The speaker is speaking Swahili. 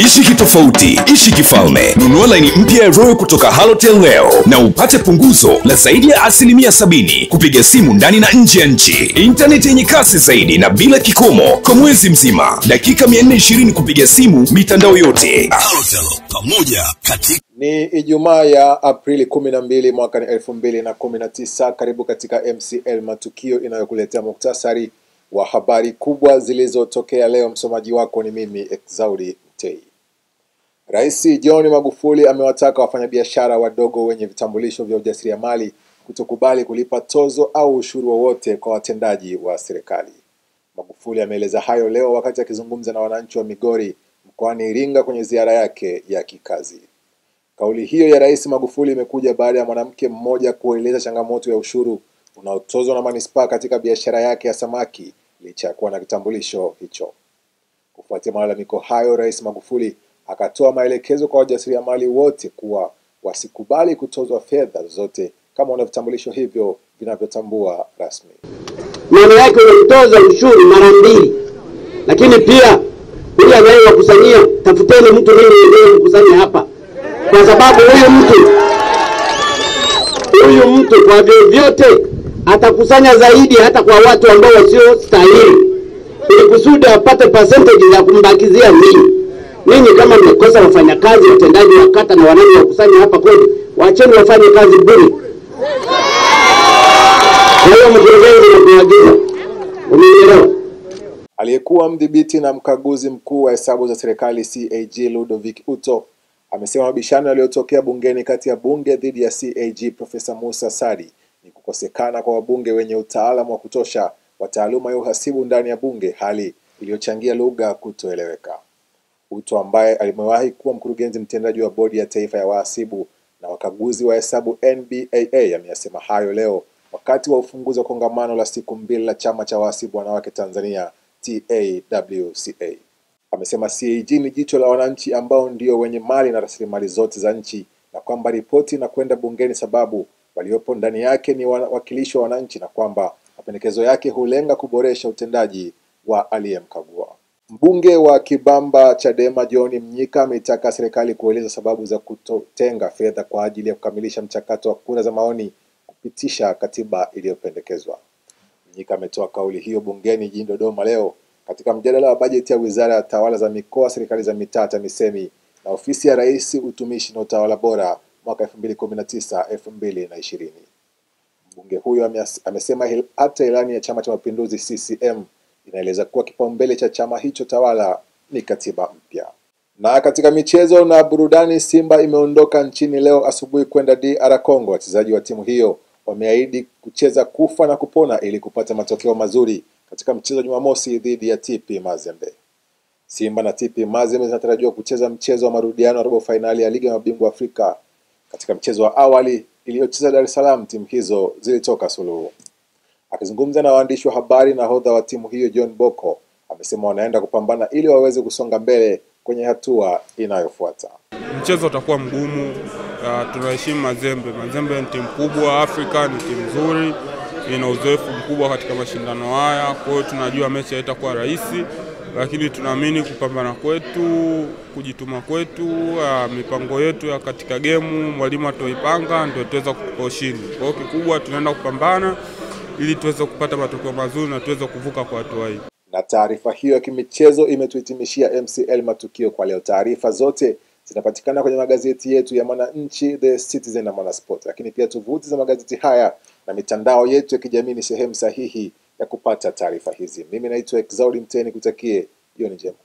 Ishi kitofauti, ishi kifalme. Nunua laini mpya ya Royal kutoka Halotel leo na upate punguzo la zaidi ya asilimia sabini kupiga simu ndani na nje ya nchi, intaneti yenye kasi zaidi na bila kikomo kwa mwezi mzima, dakika 420 kupiga simu mitandao yote. Halotel, pamoja katika ni Ijumaa ya Aprili 12 mwaka 2019. Karibu katika MCL Matukio inayokuletea muktasari wa habari kubwa zilizotokea leo. Msomaji wako ni mimi Exaudi Day. Rais John Magufuli amewataka wafanyabiashara wadogo wenye vitambulisho vya ujasiriamali kutokubali kulipa tozo au ushuru wowote kwa watendaji wa serikali. Magufuli ameeleza hayo leo wakati akizungumza na wananchi wa Migori mkoani Iringa kwenye ziara yake ya kikazi. Kauli hiyo ya Rais Magufuli imekuja baada ya mwanamke mmoja kueleza changamoto ya ushuru unaotozwa na manispaa katika biashara yake ya samaki licha ya kuwa na kitambulisho hicho. Kufuatia malalamiko hayo, Rais Magufuli akatoa maelekezo kwa wajasiriamali wote kuwa wasikubali kutozwa fedha zote kama wana vitambulisho hivyo vinavyotambua rasmi. Maana yake unamtoza ushuru mara mbili, lakini pia huyu anayewakusanyia, tafuteni mtu mimi ndio mkusanye hapa, kwa sababu huyu mtu huyu mtu kwa vyovyote atakusanya zaidi hata kwa watu ambao stahili ili kusudi apate percentage ya kumbakizia nini Ninyi kama mmekosa wafanyakazi, watendaji wa kata na wanani wakusanya hapa kodi, wacheni wafanye kazi bure. Kwa hiyo mkurugenzi, nakuagiza, umenielewa? Aliyekuwa mdhibiti na mkaguzi mkuu wa hesabu za serikali CAG Ludovic Uto amesema mabishano yaliyotokea bungeni kati ya bunge dhidi ya CAG Profesa Musa Sadi ni kukosekana kwa wabunge wenye utaalamu wa kutosha kwa taaluma ya uhasibu ndani ya Bunge, hali iliyochangia lugha kutoeleweka. uto ambaye alimewahi kuwa mkurugenzi mtendaji wa Bodi ya Taifa ya Wahasibu na Wakaguzi wa Hesabu NBAA ameyasema hayo leo wakati wa ufunguzi wa kongamano la siku mbili la Chama cha Wahasibu Wanawake Tanzania TAWCA. Amesema CAG ni jicho la wananchi ambao ndio wenye mali na rasilimali zote za nchi na kwamba ripoti inakwenda bungeni sababu waliopo ndani yake ni wawakilishi wa wananchi na kwamba Mapendekezo yake hulenga kuboresha utendaji wa aliyemkagua. Mbunge wa Kibamba Chadema John Mnyika ameitaka serikali kueleza sababu za kutotenga fedha kwa ajili ya kukamilisha mchakato wa kura za maoni kupitisha katiba iliyopendekezwa. Mnyika ametoa kauli hiyo bungeni jijini Dodoma leo katika mjadala wa bajeti ya Wizara ya Tawala za Mikoa, Serikali za Mitaa, TAMISEMI na Ofisi ya Rais Utumishi na Utawala Bora mwaka 2019 2020. Mbunge huyo amesema hata ilani ya Chama cha Mapinduzi CCM inaeleza kuwa kipaumbele cha chama hicho tawala ni katiba mpya. Na katika michezo na burudani, Simba imeondoka nchini leo asubuhi kwenda DR Congo. Wachezaji wa timu hiyo wameahidi kucheza kufa na kupona ili kupata matokeo mazuri katika mchezo wa Jumamosi dhidi ya TP Mazembe. Simba na TP Mazembe zinatarajiwa kucheza mchezo wa marudiano ya robo fainali ya ligi ya mabingwa Afrika. Katika mchezo wa awali iliyocheza Dar es Salaam timu hizo zilitoka suluhu. Akizungumza na waandishi wa habari, nahodha wa timu hiyo John boko amesema wanaenda kupambana ili waweze kusonga mbele kwenye hatua inayofuata. Mchezo utakuwa mgumu. Uh, tunaheshimu Mazembe. Mazembe ni timu kubwa Afrika, ni timu nzuri, ina uzoefu mkubwa katika mashindano haya, kwa hiyo tunajua mechi haitakuwa rahisi lakini tunaamini kupambana kwetu, kujituma kwetu, ah, mipango yetu ya katika gemu mwalimu atoipanga ndio tuweza kutupa ushindi. Kwa hiyo kikubwa tunaenda kupambana ili tuweze kupata matokeo mazuri na tuweze kuvuka kwa hatua hii. Na taarifa hiyo ya kimichezo imetuhitimishia MCL matukio kwa leo. Taarifa zote zinapatikana kwenye magazeti yetu ya Mwananchi, The Citizen na Mwanasport, lakini pia tovuti za magazeti haya na mitandao yetu ya kijamii ni sehemu sahihi ya kupata taarifa hizi. Mimi naitwa Exaudi Mteni, kutakie jioni njema.